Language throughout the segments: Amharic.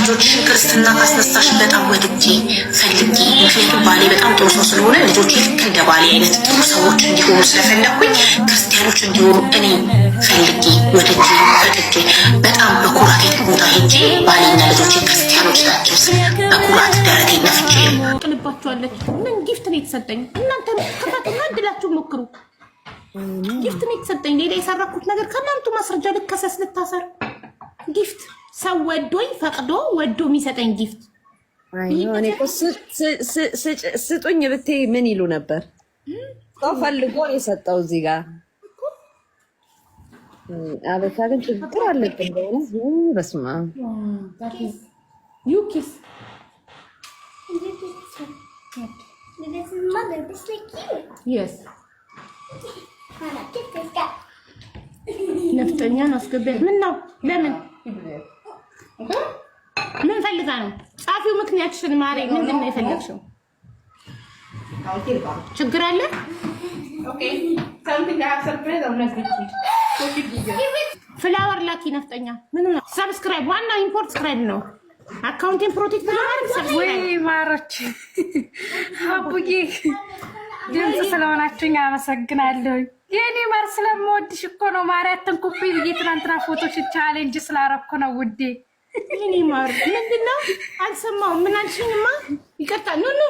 ልጆችሽን ክርስትና ካስነሳሽ በጣም ወድጄ ፈልጌ፣ ምክንያቱም ባሌ በጣም ጥሩ ሰው ስለሆነ ልጆች ልክ እንደ ባሌ አይነት ጥሩ ሰዎች እንዲሆኑ ስለፈለኩኝ ክርስቲያኖች እንዲሆኑ እኔ ፈልጌ ወድጄ ፈቅጄ በጣም በኩራት ቦታ ሄጄ ባሌና ልጆች ክርስቲያኖች ናቸው ስል በኩራት ደረቴ ነፍቼ ነው ቅንባቸዋለች። ምን ጊፍት ነው የተሰጠኝ? እናንተ ከፋትና እድላችሁ ሞክሩ። ጊፍት ነው የተሰጠኝ። ሌላ የሰራኩት ነገር ከእናንቱ ማስረጃ ልከሰስ ልታሰር ጊፍት ሰው ወዶኝ ፈቅዶ ወዶ የሚሰጠኝ ጊፍት ስጡኝ ብቴ ምን ይሉ ነበር? ሰው ፈልጎ የሰጠው እዚህ ጋር አበሻ ግን ችግር አለብን። በስመ ዩኪስ ነፍጠኛን ምን ነው ለምን ምን ፈልጋ ነው ጻፊው? ምክንያትሽን ማሬ፣ ምንድን ነው የፈለግሽው? ችግር አለ? ፍላወር ላኪ ነፍጠኛ። ምን ሰብስክራይብ፣ ዋና ኢምፖርት ስክራይብ ነው። አካውንቴን ፕሮቴክት ወይ ማሮች፣ አቡጌ ድምፅ ስለሆናችሁኝ አመሰግናለሁኝ። የኔ ማር ስለምወድሽ እኮ ነው ማርያትን ኩፍ ብዬ ትናንትና ፎቶሽ ቻሌንጅ ስላረኩ ነው ውዴ ይሄኔ ማር ምንድነው? አልሰማሁም። ምን አልሽኝማ? ይቅርታ። ኑ ኑ።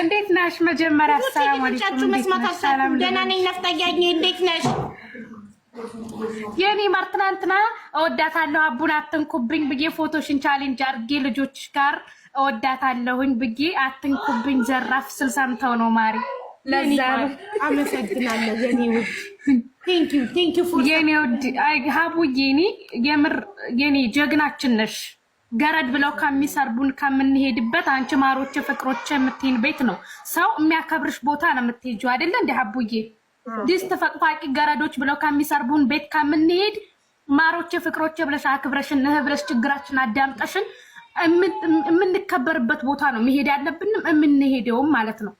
እንዴት ነሽ? መጀመሪያ መስማት ደህና ነኝ። እንዴት ነሽ? የኔ ማር ትናንትና እወዳታለሁ አቡን አትንኩብኝ ብዬ ፎቶሽን ቻሌንጅ አድርጌ ልጆች ጋር እወዳታለሁኝ ብዬ አትንኩብኝ ዘራፍ ስልሳምተው ነው ማሪ። ለዛ አመሰግናለሁ የኔ ውድ ሀቡዬ የምር የኔ ጀግናችን ነሽ። ገረድ ብለው ከሚሰርቡን ከምንሄድበት አንቺ ማሮች ፍቅሮች የምትይን ቤት ነው። ሰው የሚያከብርሽ ቦታ ነው የምትሄጂው አይደለ? እንደ ሀቡዬ ድስት ፈቅፋቂ ገረዶች ብለው ከሚሰርቡን ቤት ከምንሄድ ማሮቼ ፍቅሮቼ ብለሽ አክብረሽን እህ ብለሽ ችግራችን አዳምጠሽን የምንከበርበት ቦታ ነው መሄድ ያለብንም የምንሄደውም ማለት ነው።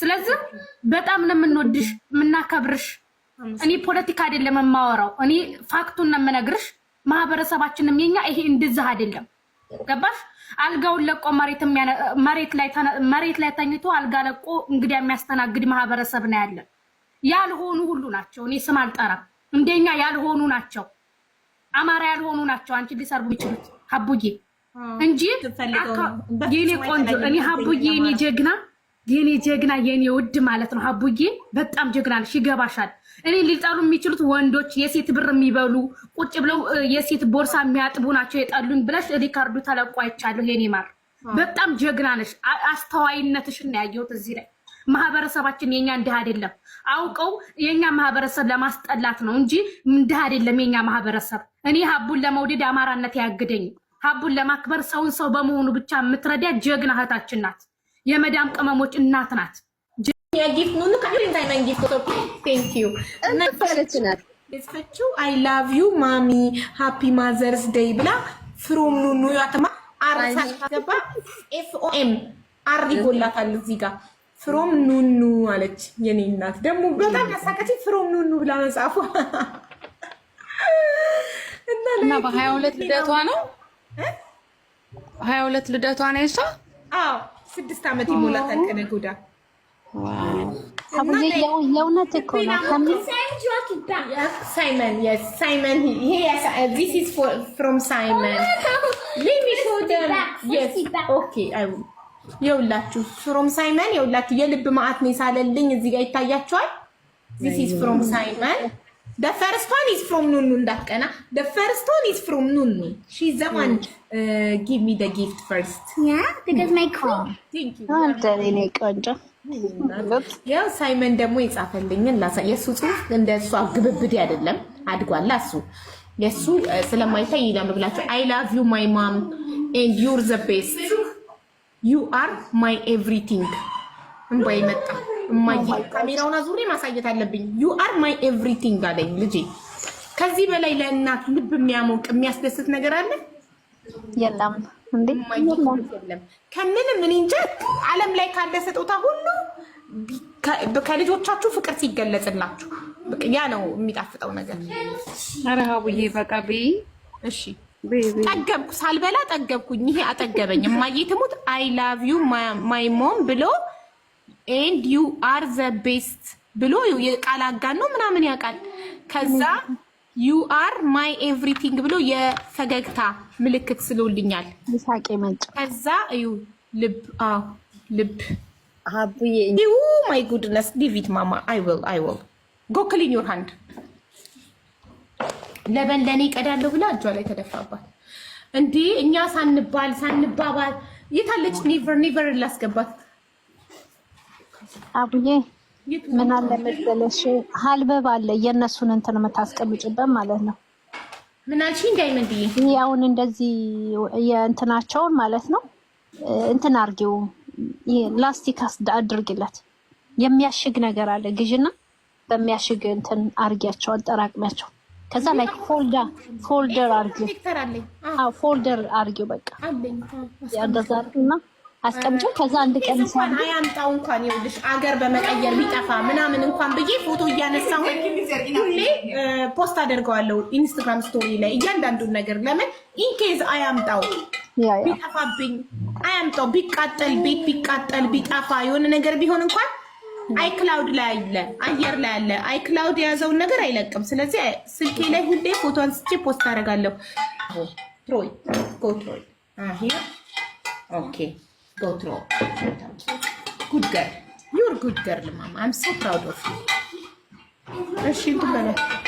ስለዚህ በጣም ነው የምንወድሽ የምናከብርሽ እኔ ፖለቲካ አይደለም የማወራው፣ እኔ ፋክቱን ነው የምነግርሽ። ማህበረሰባችንም የኛ ይሄ እንድዛህ አይደለም። ገባሽ? አልጋውን ለቆ መሬት ላይ ተኝቶ አልጋ ለቆ እንግዲ የሚያስተናግድ ማህበረሰብ ነው ያለን። ያልሆኑ ሁሉ ናቸው። እኔ ስም አልጠራም። እንደኛ ያልሆኑ ናቸው። አማራ ያልሆኑ ናቸው። አንቺ ሊሰርቡ የሚችሉት ሀቡዬ እንጂ የኔ ቆንጆ እኔ ሀቡዬ እኔ ጀግና የኔ ጀግና የኔ ውድ ማለት ነው። ሀቡዬ በጣም ጀግና ነሽ፣ ይገባሻል። እኔ ሊጠሉ የሚችሉት ወንዶች የሴት ብር የሚበሉ ቁጭ ብለው የሴት ቦርሳ የሚያጥቡ ናቸው የጠሉኝ ብለሽ ሪካርዱ ተለቁ አይቻለሁ። የኔ ማር በጣም ጀግና ነሽ። አስተዋይነትሽ ነው እዚህ ላይ። ማህበረሰባችን የኛ እንዲህ አይደለም፣ አውቀው የኛ ማህበረሰብ ለማስጠላት ነው እንጂ እንዲህ አይደለም የኛ ማህበረሰብ። እኔ ሀቡን ለመውደድ አማራነት ያግደኝ። ሀቡን ለማክበር ሰውን ሰው በመሆኑ ብቻ የምትረዳ ጀግና እህታችን ናት። የመዳም ቅመሞች እናት ናት። ጻፈችው አይ ላቭ ዩ ማሚ ሃፒ ማዘርስ ደይ ብላ ፍሮም ኑኑ ያተማ እዚህ ጋር ፍሮም ኑኑ አለች። የኔ እናት ደግሞ በጣም ያሳቀች ፍሮም ኑኑ ብላ መጻፉ እና በሀያ ሁለት ልደቷ ነው ሀያ ሁለት ልደቷ ነው የሷ ስድስት ዓመት ይሞላታል ከነገ ወዲያ። የእውነት እኮ ነው። የውላችሁ ፍሮም ሳይመን oh የውላችሁ የልብ ማዕት ነው የሳለልኝ እዚህ ጋ ዚስ ኢዝ ፍሮም ሳይመን ደፈርስቶን ኢዝ ፍሮም ኑኑ እንዳትቀና። ደፈርስቶን ኢዝ ፍሮም ኑኑ ሺ ዘማን ጊቭ ሚ ደ ጊፍት ፈርስት ያው ሳይመን ደግሞ የጻፈልኝን ላሳ የእሱ ጽሁፍ እንደ እሱ አግብብድ አይደለም አድጓላ። እሱ የእሱ ስለማይታይ ይላሉ ብላቸው። አይ ላቭ ዩ ማይ ማም ኤንድ ዩር ዘ ቤስት ዩ አር ማይ ኤቭሪቲንግ እምባ ይመጣ እማዬ oh ካሜራውን አዙሬ ማሳየት አለብኝ። ዩ አር ማይ ኤቭሪቲንግ አለኝ ልጄ። ከዚህ በላይ ለእናት ልብ የሚያሞቅ የሚያስደስት ነገር አለ? የለም እንዴ oh የለም። ከምንም እኔ እንጃ ዓለም ላይ ካለ ስጦታ ሁሉ ከልጆቻችሁ ፍቅር ሲገለጽላችሁ ያ ነው የሚጣፍጠው ነገር። አረሃቡዬ በቃ እሺ። ጠገብኩ፣ ሳልበላ ጠገብኩኝ። ይሄ አጠገበኝ። እማዬ ትሙት አይ ላቭ ዩ ማይ ሞም ብሎ ኤንድ ዩ አር ዘ ቤስት ብሎ የቃል አጋን ነው ምናምን ያውቃል። ከዛ ዩ አር ማይ ኤቭሪቲንግ ብሎ የፈገግታ ምልክት ስሎልኛል። ከዛ እዩ ልብ አዎ ልብ ዩ ማይ ጉድነስ ዲቪት ማማ አይ ዊል አይ ዊል ጎ ክሊን ዮር ሃንድ ለበን ለእኔ ይቀዳለሁ ብላ እጇ ላይ ተደፋባት። እንዲህ እኛ ሳንባል ሳንባባል የታለች ኔቨር ኔቨር ላስገባት አቡዬ ምን አለ መሰለሽ ሀልበብ አለ የእነሱን እንትን የምታስቀምጭበት ማለት ነው። ምናልሽ አልሽ? እንዳይመንድዬ አሁን እንደዚህ የእንትናቸውን ማለት ነው እንትን አርጊው ላስቲክ አድርጊለት። የሚያሽግ ነገር አለ ግዥና በሚያሽግ እንትን አርጊያቸው አጠራቅሚያቸው። ከዛ ላይ ፎልዳ ፎልደር አርጊው። ፎልደር አርጊው። በቃ ያንደዛርና አስቀምጨው ከዛ አንድ ቀን እንኳን አያምጣው እንኳን ይኸውልሽ አገር በመቀየር ቢጠፋ ምናምን እንኳን ብዬ ፎቶ እያነሳሁ ሁሌ ፖስት አደርገዋለሁ ኢንስታግራም ስቶሪ ላይ እያንዳንዱን ነገር ለምን ኢንኬዝ አያምጣው ቢጠፋብኝ አያምጣው ቢቃጠል ቤት ቢቃጠል ቢጠፋ የሆነ ነገር ቢሆን እንኳን አይክላውድ ላይ አለ አየር ላይ አለ አይክላውድ የያዘውን ነገር አይለቅም ስለዚህ ስልኬ ላይ ሁሌ ፎቶ አንስቼ ፖስት አደርጋለሁ ትሮይ ጎ ትሮይ ኦኬ go through. Good girl. You're good girl, Mom. I'm so proud of you. እሺ እንትን በላት